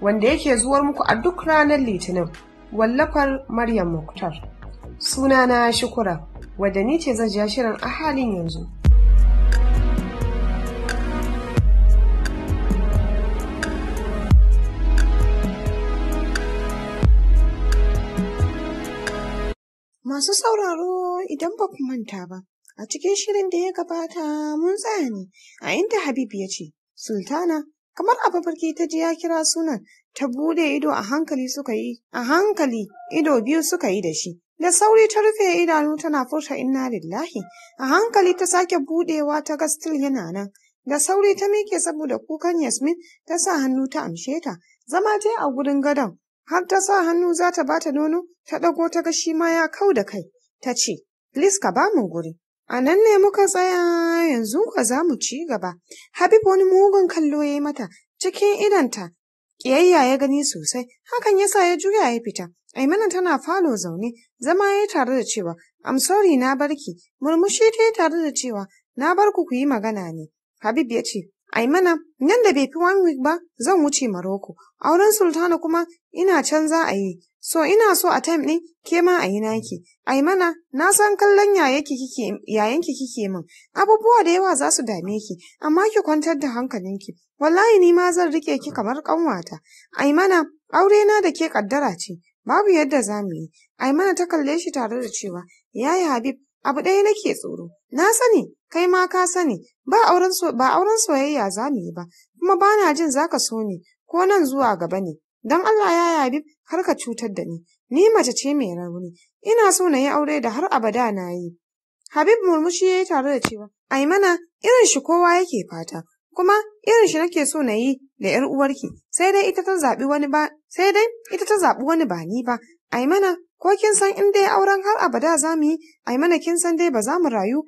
wanda yake zuwar muku a duk ranar litinin wallafar Maryam Muktar. Sunana Shukura, wadda ni ce zan shirin a halin yanzu. Masu sauraro idan ba ku manta ba, a cikin shirin da ya gabata mun tsaya ne a inda Habibu ya ce, Sultana kamar a mafarki ta ji ya kira sunan ta bude ido a hankali suka yi a hankali ido biyu suka yi da shi da sauri ta rufe idanu tana furta inna lillahi a hankali ta sake budewa ta gastil yana nan da sauri ta miƙe saboda kukan yasmin ta sa hannu ta amshe ta zama ta a gurin gadon har ta sa hannu za ta bata nono ta ɗago ta ga shi ma ya kau da kai ta ce please ka ba mu guri A nan ne muka tsaya yanzu kwa za mu ci gaba. Habib wani mugun kallo ya yi mata cikin idanta. Ƙiyayya ya gani sosai, hakan ya sa ya juya ya fita. Aimana tana falo zaune, zama ya yi tare da cewa, I'm sorry na barki, murmushi ta tare da cewa, na barku ku ku yi magana ne. Habib ya ce, Aimana, nan da bai fi one week ba, zan wuce Maroko. Auren Sultana kuma ina can za a yi. So ina so a time ɗin ke ma a yi naki. Aimana, na san kallon yayanki kike min. Abubuwa da yawa za su dame ki, amma ki kwantar da hankalinki. Wallahi ni ma zan rike ki kamar ƙanwata. Aimana, aure na da ke ƙaddara ce. Babu yadda za mu yi. Aimana ta kalle shi tare da cewa, Yaya Habib, Abu ɗaya nake tsoro, na sani, kai ma ka sani, ba auren soyayya za mu yi ba, kuma ba na jin za ka so ni, ko nan zuwa gaba ne. Don Allah ya yabi har ka cutar da ni, ni mace ce mai rauni, ina so na yi aure da har abada na yi. Habib murmushi ya yi tare da cewa, ai mana irin shi kowa yake fata, kuma irin shi nake so na yi da ‘yar uwarki, sai dai ita ta zaɓi wani ba, sai dai ita ta zabi wani ba ni ba, ai mana Ko kin san in dai auren har abada za mu yi, ai mana kin san dai ba za mu rayu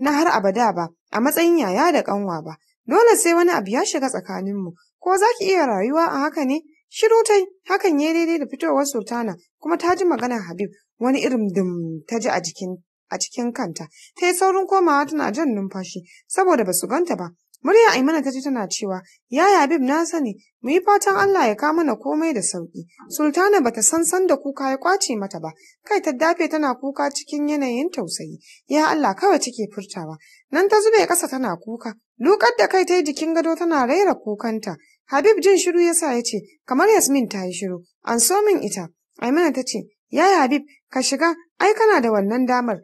na har abada ba, a matsayin yaya da kanwa ba. Dole sai wani abu ya shiga tsakaninmu, ko za ki iya rayuwa a haka ne? Shiru tai, hakan ya daidai da fitowar sultana, kuma ta ji maganar Habib, wani irin dum ta ji a jikin a cikin kanta, ta yi saurin komawa tana jan numfashi, saboda ba su ganta ba, Murya Aimana ta ji tana cewa, "Yaya Habib na sani, mu yi fatan Allah ya kama na komai da sauki." Sultana bata san san da kuka ya kwace mata ba, kai ta dafe tana kuka cikin yanayin tausayi. Ya Allah kawai take furtawa. Nan ta zube ƙasa tana kuka, lukar da kai ta yi jikin gado tana raira kukanta. Habib jin shiru ya sa ya ce, "Kamar Yasmin ta yi shiru, an so min ita." Aimana ta ce, "Yaya Habib, ka shiga, ai kana da wannan damar,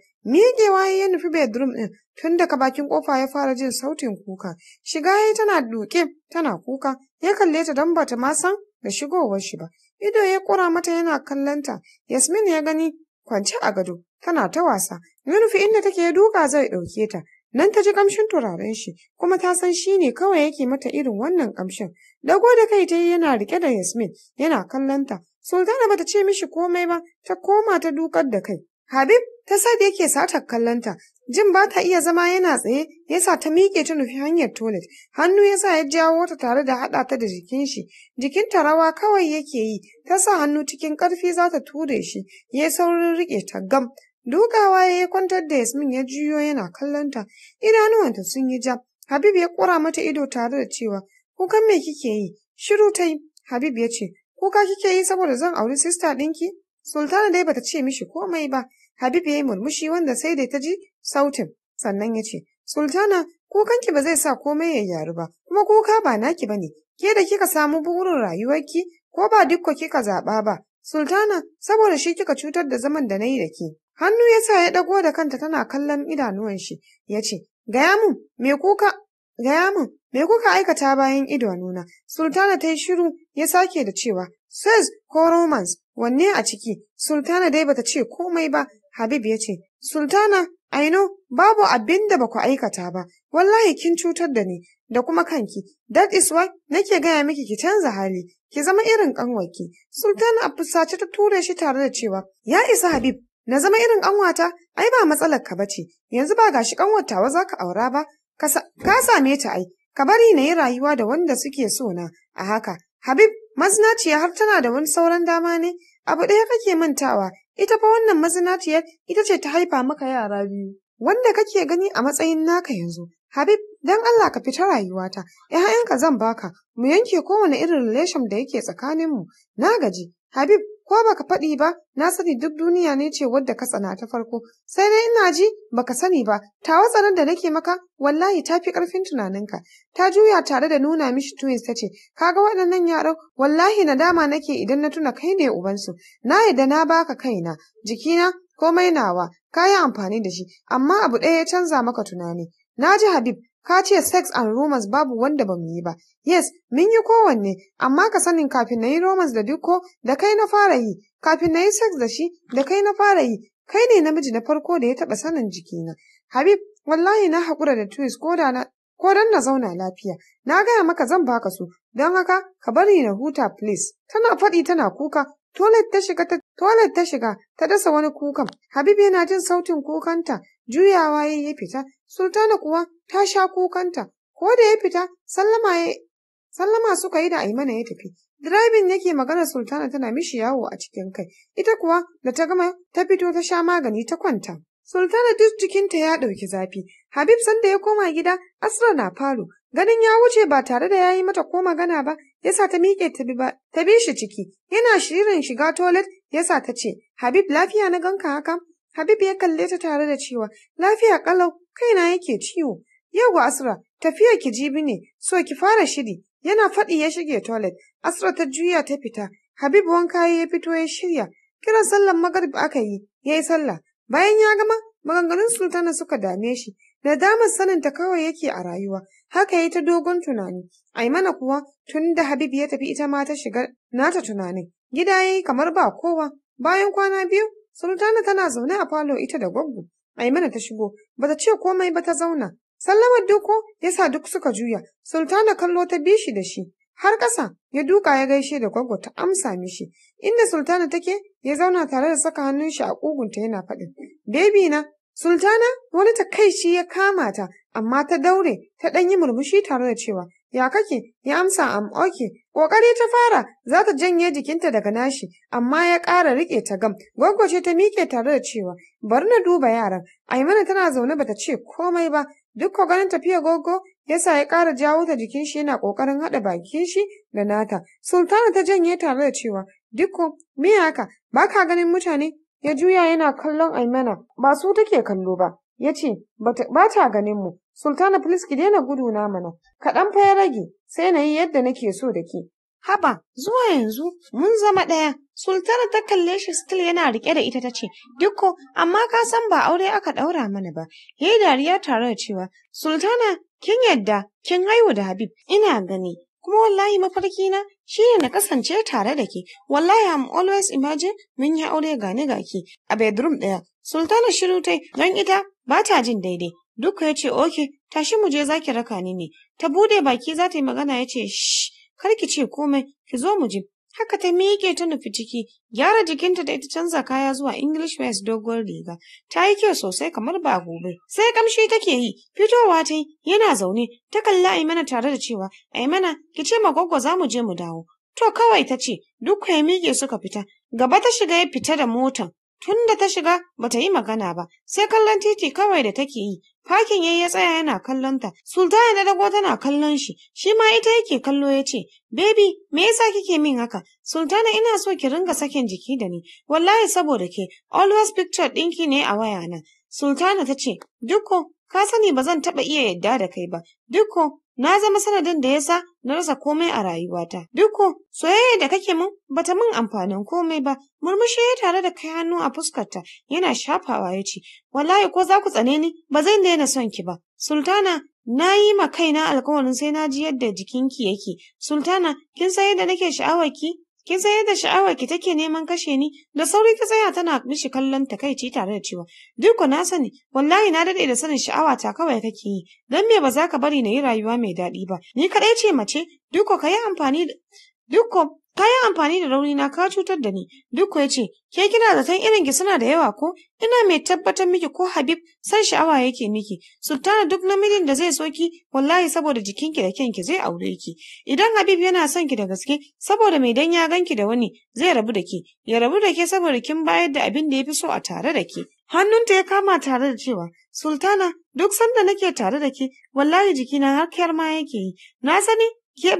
waye ya nufi bedroom ɗin tun daga bakin ƙofa ya fara jin sautin kuka. Shiga ya tana duƙe tana kuka ya kalle ta don bata ma san da shigowar shi ba. Ido ya kura mata yana kallonta. Yasmin ya gani kwance a gado tana ta wasa. Ya nufi inda take ya duka zai ɗauke ta. Nan ta ji kamshin turaren shi kuma ta san shi ne kawai yake mata irin wannan kamshin. Dago da kai ta yi yana rike da Yasmin yana kallonta. Sultana bata ce mishi komai ba ta koma ta dukar da kai. Habib ta sa da yake sata kallonta jin ba ta iya zama yana tsaye ya sa ta miƙe ta nufi hanyar toilet hannu ya sa ya jawo ta tare da haɗa ta da jikin shi jikin ta rawa kawai yake yi ta sa hannu cikin ƙarfi za ta ture shi ya saurin riƙe ta gam dukawa ya yi kwantar da yasmin ya juyo yana kallonta idanuwanta sun yi ja habib ya ƙura mata ido tare da cewa kukan me kike yi shiru ta yi habib ya ce kuka kike yi saboda zan auri sista ɗinki sultana dai bata ce mishi komai ba Habib ya yi murmushi wanda sai dai ta ji sautin, sannan ya ce, Sultana, kukanki ba zai sa komai ya yaru ba, kuma kuka ba naki ba ne, ke da kika samu burin rayuwarki ko ba dukko kika zaɓa ba. Sultana, saboda shi kika cutar da zaman da na yi da ke. Hannu ya sa ya ɗago da kanta tana kallon idanuwan shi, ya ce, Gaya mun, me kuka, gaya mun, me kuka aikata bayan idanuna? Sultana ta yi shiru ya sake da cewa, Sez ko romance, wanne a ciki? Sultana dai bata ce komai ba, Habib ya ce, Sultana, Aino, babu abin da ku aikata ba, wallahi kin cutar da ni da kuma kanki, that is why nake gaya miki ki canza hali, ki zama irin kanwaki. Sultana a fusace ta ture shi tare da cewa, ya isa Habib, na zama irin kanwata, ai ba matsalar ka bace, yanzu ba gashi kanwatawa za ka aura ba, ka same ta ai, ka bari na yi rayuwa da wanda suke so na, a haka, Habib, mazinaciya har tana da wani sauran dama ne, abu ɗaya kake mantawa, Ita fa wannan mazinaciyar ita ce ta haifa maka yara biyu, wanda kake gani a matsayin naka yanzu. Habib, dan Allah ka fita rayuwata, ‘ya'yanka zan baka, mu yanke kowane irin relation da yake tsakaninmu. Na gaji, Habib, ko baka faɗi ba na sani duk duniya ne ce wadda ka tsana ta farko sai dai ina ji baka sani ba ta nan da nake maka wallahi ta fi ƙarfin tunaninka ta juya tare da nuna mishi twins ta ce kaga waɗannan yaran wallahi nadama nake idan na tuna kai ne ubansu na yadda na baka kaina jikina komai nawa ka yi amfani da shi amma abu ɗaya ya canza maka tunani Na ji Habib, ka ce sex and romance babu wanda ba mu yi ba. Yes, mun yi kowanne, amma ka sanin kafin na yi romance da Dukko da kai na fara yi, kafin na yi sex da shi da kai na fara yi, kai ne namiji na farko da ya taɓa sanin jikina. Habib, wallahi na haƙura da twist ko da na ko don na zauna lafiya. Na gaya maka zan baka su, don haka ka bari na huta please. Tana faɗi tana kuka, Tolet ta shiga ta tolet ta shiga ta dasa wani kukan. Habib yana jin sautin kukanta, juyawa yayi ya fita. Sultana kuwa ta sha kukanta. Ko da ya fita, sallama ya sallama suka yi da Aimana ya tafi. Direbin yake magana Sultana tana mishi yawo a cikin kai. Ita kuwa da ta gama ta fito ta sha magani ta kwanta. Sultana duk jikinta ya ɗauki zafi. Habib sanda ya koma gida, Asra na falo. Ganin ya wuce ba tare da ya yi mata ko magana ba, yasa ta miƙe ta bi shi ciki yana shirin shiga toilet yasa ta ce Habib lafiya na ganka haka Habib ya kalle ta tare da cewa lafiya kalau kaina yake ciwo yau ga Asra tafiya ki jibi ne so ki fara shiri yana faɗi ya shige toilet Asra ta juya ta fita Habib wanka ya fito ya shirya kiran sallan magarib aka yi ya yi sallah bayan ya gama maganganun sultana suka dame shi Nadamar saninta kawai yake a rayuwa, haka yi ta dogon tunani, Aimana kuwa tun da Habib ya tafi ita ma ta shiga nata tunanin, gida ya yi kamar ba kowa. Bayan kwana biyu, Sultana tana zaune a falo ita da gwaggo. Aimana ta shigo, Ba ta ce komai ba ta zauna. Sallamar duko ya sa duk suka juya, Sultana kallo ta bi shi da shi. Har ƙasa ya duka ya gaishe da gwaggo ta amsa mishi, inda Sultana take ya zauna tare da saka hannun shi a kugunta yana faɗin. Bebi na, Sultana wani takaici ya kama ta, amma ta daure, ta ɗan yi murmushi tare da cewa, Ya kake, ya amsa am oke, ƙoƙari ta fara, za ta janye jikinta daga nashi, amma ya ƙara riƙe ta gam, gwaggwace ta miƙe tare da cewa, bari na duba yaran, Aimana tana zaune bata ce komai ba, duk ko ganin tafiya gogo yasa ya ƙara jawo ta jikin shi yana ƙoƙarin haɗa bakin shi da nata. Sultana ta janye tare da cewa, dukko me haka, ba ka ganin mutane ya juya yana kallon Aimana ba su take kallo ba ya ce ba ta ganin mu Sultana please ki daina gudu na mana kaɗan fa ya rage sai na yi yadda nake so da ke Haba, zuwa yanzu mun zama ɗaya. Sultana ta kalle shi still yana riƙe da ita ta ce, Dukko, amma ka san ba aure aka ɗaura mana ba. Ya yi dariya tare da cewa, Sultana, kin yadda, kin haihu da Habib, ina gani, kuma wallahi mafarki na shi ne na kasance tare da ke wallahi am always imagine mun yi aure gane gaki a bedroom ɗaya sultana shiru tai don ita ba ta jin daidai Dukka ya ce okay tashi mu je zaki raka ni ne ta bude baki za ta yi magana ya ce shh kar ki ce komai ki zo mu je Haka ta miƙe ta nufi ciki, gyara jikinta da ita canza kaya zuwa English West dogon riga. Ta yi kyau sosai kamar ba gobe. Sai kamshi take yi, fitowa ta yi, yana zaune, ta kalla Aimana tare da cewa, Aimana, ki ce ma za mu je mu dawo. To kawai ta ce, duk ya miƙe suka fita, gaba ta shiga ya fita da motan. Tun da ta shiga, bata yi magana ba, sai kallon titi kawai da take yi, Fakin yayi ya tsaya yana kallon ta. Sultana na dago tana kallon shi. Shi ma ita yake kallo ya ce, Baby, me yasa kike min haka? Sultana ina so ki ringa sakin jiki da ni. Wallahi saboda ke, always picture ɗinki ne a wayana. Sultana ta ce, Dukko, ka sani ba zan taɓa iya yadda da kai ba. Dukko, na zama sanadin da yasa na rasa komai a rayuwata. Duko, soyayya da kake ba bata min amfanin komai ba, murmushi ya tare da kai hannu a fuskarta yana shafawa ya ce, wallahi ko za ku tsane ni ba zan daina son ki ba. Sultana, na yi ma kaina alkawarin sai na ji yadda jikinki yake. Sultana, kin san yadda nake sha'awar ki? Kin san yadda sha'awar ki take neman kashe ni? Da sauri ta tsaya tana mishi kallon takaici tare da cewa, Duk na sani, wallahi na dade da sanin sha'awa ta kawai kake yi, dan me ba za ka bari na yi rayuwa mai daɗi ba. Ni kaɗai ce mace, duk ka yi amfani Dukko Ka yi amfani da rauni na ka cutar da ni, duk ya ce, ke kina zaton irinki suna da yawa ko? Ina mai tabbatar miki ko Habib san sha'awa yake miki. Sultana duk namijin da zai so ki, wallahi saboda jikinki da kyanki zai aure ki. Idan Habib yana son ki da gaske, saboda mai dan ya ganki da wani zai rabu da ki, ya rabu da ke saboda kin bayar da abin da ya fi so a tare da ke. Hannunta ya kama tare da cewa, Sultana, duk sanda nake tare da ke, wallahi jikina har kyar ma yake yi. Na sani ke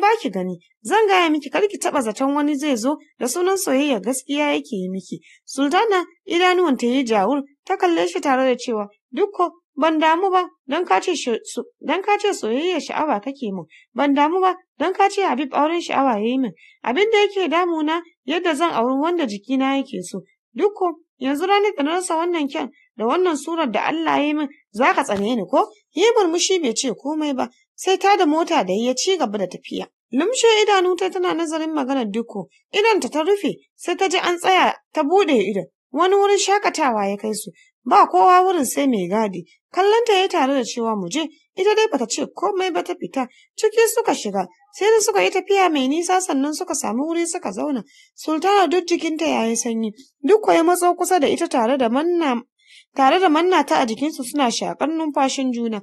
baki gani Zan gaya miki kar ki taɓa zaton wani zai zo da sunan soyayya gaskiya yake yi miki. Sultana idanuwan ta yi jawur ta kalle shi tare da cewa dukko ban damu ba don ka ce soyayya sha'awa kake min ban damu ba don ka ce Habib auren sha'awa yayi min abin da yake na yadda zan auri wanda jikina yake so dukko yanzu ranar da rasa wannan kyan da wannan surar da Allah ya yi min za ka tsane ni ko? Yi murmushi bai ce komai ba sai ta da mota da ya ci gaba da tafiya. Lumshe idanu ta tana nazarin maganar duko, idonta ta rufe, sai ta ji an tsaya ta buɗe ido. Wani wurin shakatawa ya kai su, ba kowa wurin sai mai gadi. Kallonta ya tare da cewa mu je, ita dai bata ce komai ba ta fita, ciki suka shiga, sai da suka yi tafiya mai nisa sannan suka samu wuri suka zauna. Sultana duk jikinta ya yi sanyi, duk ya matso kusa da ita tare da manna tare da manna ta a jikinsu suna shakar numfashin juna.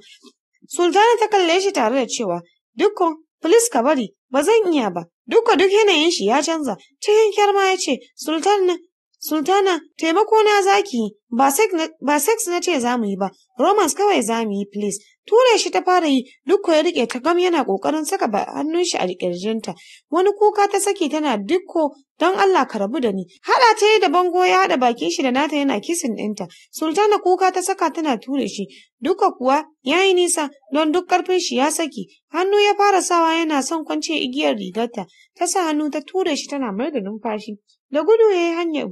Sultana ta kalle shi tare da cewa, "Dukko, filis ka bari, ba zan iya ba, duka duk yanayin shi ya canza, cikin kyarma ya ce, Sultana, Sultana, taimako na zaki, ba sex na ce za mu yi ba, romance kawai za mu yi please, Ture shi ta fara yi, Dukko ya rike ta gam yana ƙoƙarin saka hannun shi a ƙirjinta. Wani kuka ta saki tana dukko don Allah ka rabu da ni. Haɗa ta yi da bango ya haɗa bakin shi da nata yana kisin dinta. Sultana kuka ta saka tana ture shi. Duka kuwa ya yi nisa don duk karfin shi ya saki. Hannu ya fara sawa yana son kwance igiyar rigarta. Ta sa hannu ta ture shi tana mai da numfashi. Da gudu ya yi hanyar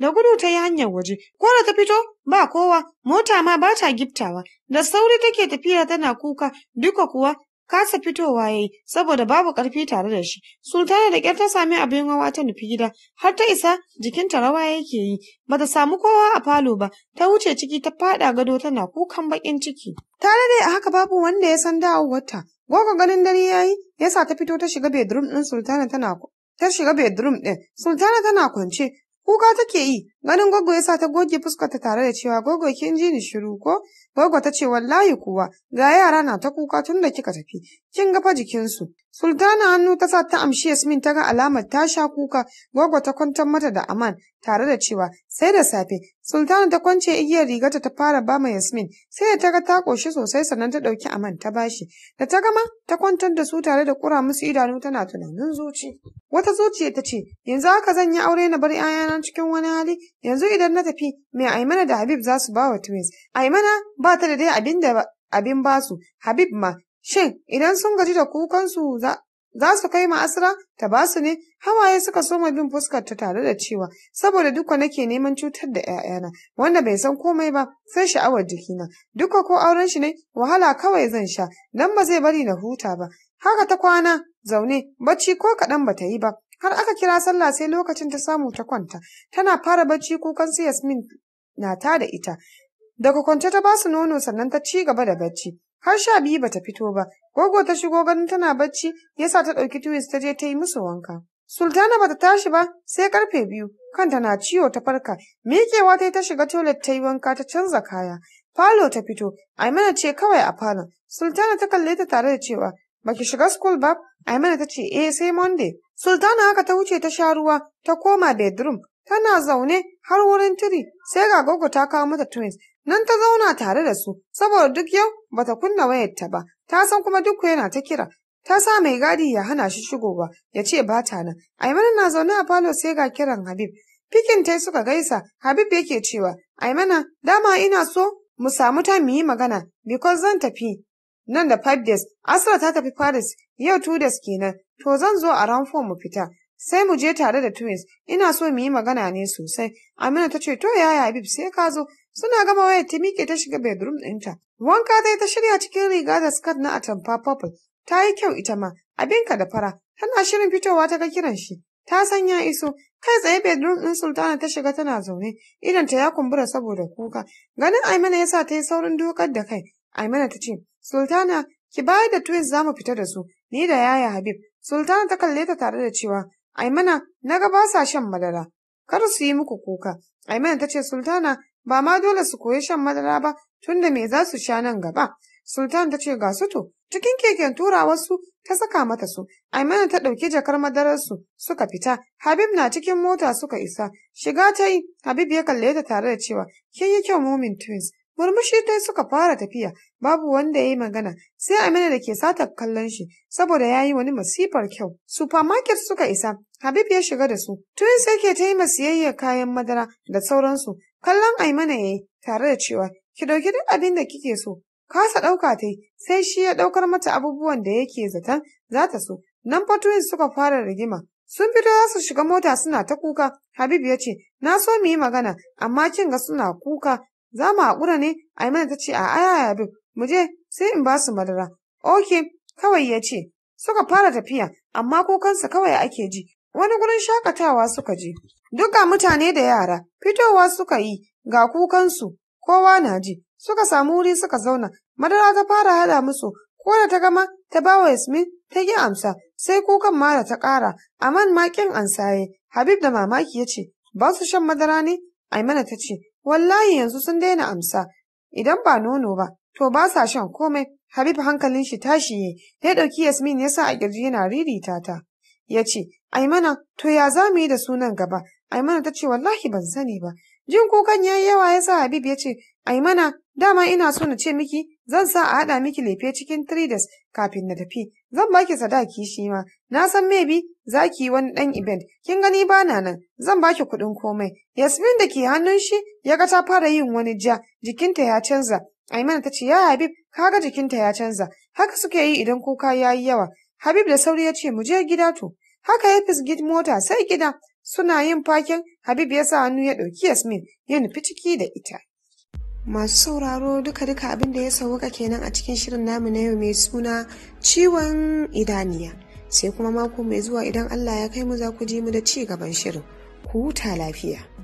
da gudu ta yi hanyar waje, kora ta fito ba kowa, mota ma ba ta giftawa, da sauri take tafiya tana kuka, duka kuwa kasa fitowa ya yi saboda babu ƙarfi tare da shi. Sultana da ƙyar ta sami abin hawa ta nufi gida, har ta isa jikinta rawa yake yi, ba ta samu kowa a falo ba, ta wuce ciki ta faɗa gado tana kukan baƙin ciki. Tare dai a haka babu wanda ya san dawowarta, gwagwa ganin dare ya yi, ya sa ta fito ta shiga bedroom ɗin Sultana tana ta shiga bedroom ɗin. Sultana tana kwance, kuka take yi, ganin gogo ya sa ta goge fuskarta tare da cewa gogo kin ji ni shiru ko? Gogo ta ce wallahi kuwa ga yara na ta kuka tun da kika tafi, kin ga fa jikinsu. Sultana hannu ta sa ta amshi Yasmin ta ga alamar ta sha kuka, gogo ta kwantar mata da aman tare da cewa Sai da safe, Sultana ta kwance igiyar rigata ta fara bama Yasmin, sai da ta ga ta koshi sosai sannan ta ɗauki aman ta bashi. Da ta gama, ta kwantar da su tare da kura musu idanu tana tunanin zuci. Wata zuciya ta ce, yanzu haka zan yi aure na bar ‘ya'yana cikin wani hali, yanzu idan na tafi, mai Aimana da Habib za su ba wa twins. Aimana ba ta da dai abin da abin basu, Habib ma, shin idan sun gaji da kukansu za za su kai ma asira ta ba su ne hawaye suka soma bin fuskar ta tare da cewa saboda duka nake neman cutar da 'ya'yana wanda bai san komai ba sai sha'awar jikina duka ko auren shi ne wahala kawai zan sha dan ba zai bari na huta ba haka ta kwana zaune bacci ko kaɗan bata yi ba har aka kira sallah sai lokacin ta samu ta kwanta tana fara bacci kukan su yasmin na ta da ita daga kwance ta ba su nono sannan ta ci gaba da bacci Har sha biyu ba ta fito ba, gogo ta shigo ganin tana bacci, yasa ta ɗauki tuwis ta je ta yi musu wanka. Sultana ba ta tashi ba sai karfe biyu, kanta na ciwo ta farka, miƙewa ta yi ta shiga toilet ta yi wanka ta canza kaya. Falo ta fito, Aimana ce kawai a falon. Sultana ta kalle ta tare da cewa, baki shiga school ba? Aimana ta ce, eh sai Monday. Sultana haka ta wuce ta sha ruwa, ta koma bedroom, tana zaune har wurin tiri, sai ga gogo ta kawo mata twins, Nan ta zauna tare da su, saboda duk yau bata kunna wayarta ba, ta san kuma duk yana ta kira. Ta sa mai gadi ya hana shi shigowa, ya ce ba ta nan. Aimana na zaune a falo sai ga kiran Habib. Fikin tai suka gaisa, Habib yake cewa, Aimana, dama ina so mu samu ta mu yi magana, because zan tafi. Nan da five days, Asra ta tafi Paris, yau two days kenan, to zan zo a ran mu fita. sai mu je tare da twins ina so mu yi magana ne sosai amina ta ce to yaya habib sai ka zo Suna gama wayar ta miƙe ta shiga bedroom ɗinta. Wanka dai ta shirya cikin riga da skirt na atamfa purple. Ta yi kyau ita ma, abinka da fara. Tana shirin fitowa ta ga kiran shi. Ta sanya iso, kai tsaye bedroom ɗin Sultana ta shiga tana zaune, Idan ta ya kumbura saboda kuka. Ganin Aimana ya sa ta yi saurin dokar da kai. Aimana ta ce, Sultana, ki bayar da twins za mu fita da su, ni da yaya Habib. Sultana ta kalle ta tare da cewa, Aimana, na ga ba sa shan madara. Kar su yi muku kuka. Aimana ta ce, Sultana, ba ma dole su koyi shan madara ba tunda me za su sha nan gaba. Sultan ta ce ga su to, cikin keken tura wasu ta saka mata su, Aimana ta ɗauki jakar madararsu suka fita, Habib na cikin mota suka isa, shiga ta yi, Habib ya kalle ta tare da cewa, kin yi kyau mumin twins, murmushi ta suka fara tafiya, babu wanda ya yi magana, sai Amina da ke sata kallon shi, saboda ya yi wani masifar kyau. Supermarket suka isa, Habib ya shiga da su, twins yake ta yi masiyayyar kayan madara da sauransu, Kallon Aimana ya eh, yi tare da cewa ki ɗauki duk abin da kike so. Kasa ɗauka ta yi sai shi ya ɗaukar mata abubuwan da yake zaton za ta so. Nan fatuwin suka fara rigima. Sun fito za su shiga mota suna ta kuka. habib ya ce, Na so mu yi magana, amma kin ga suna kuka. Za mu haƙura ne? Aimana ta ce, A'a ya Habib, mu je sai in ba su madara. ok kawai ya ce, Suka fara tafiya, amma kukansa kawai ake ji. Wani gurin shakatawa suka je. Duka mutane da yara fitowa suka yi ga kukansu kowa na ji suka samu wuri suka zauna madara ta fara hada musu ko da ta gama ta bawa Yasmin ta yi amsa sai kukan mara ta ƙara aman ma kin ansaye Habib da mamaki ya ce ba su shan madara ne mana ta ce wallahi yanzu sun daina amsa idan ba nono ba to ba sa shan komai Habib hankalin shi tashi ya ɗauki Yasmin ya sa a kirji yana ririta ta ya ce Aimana to ya za mu yi da sunan gaba Aimana ta ce wallahi ban sani ba. Jin kukan ya yi yawa ya sa Habib ya ce, Aimana, dama ina so na ce miki, zan sa a haɗa miki lefe cikin Tridas kafin na tafi. Zan baki sadaki shi ma, na san maybe za ki yi wani ɗan event, kin gani ba na nan, zan baki kuɗin komai. Yasmin da ke hannun shi ya ga ta fara yin wani ja, jikinta ya canza. Aimana ta ce, ya Habib, kaga jikinta ya canza, haka suke yi idan kuka ya yi yawa. Habib da sauri ya ce, mu je gida to. Haka ya fisgit mota sai gida, Suna yin fakin Habib ya sa hannu ya ɗauki Yasmin ya nufi ciki da ita. Masu sauraro duka-duka abin da ya sauka kenan a cikin shirin namu na yau mai suna ciwon idaniya. Sai kuma mako mai zuwa idan Allah ya kai mu za ku ji mu da ci gaban shirin. Ku huta lafiya.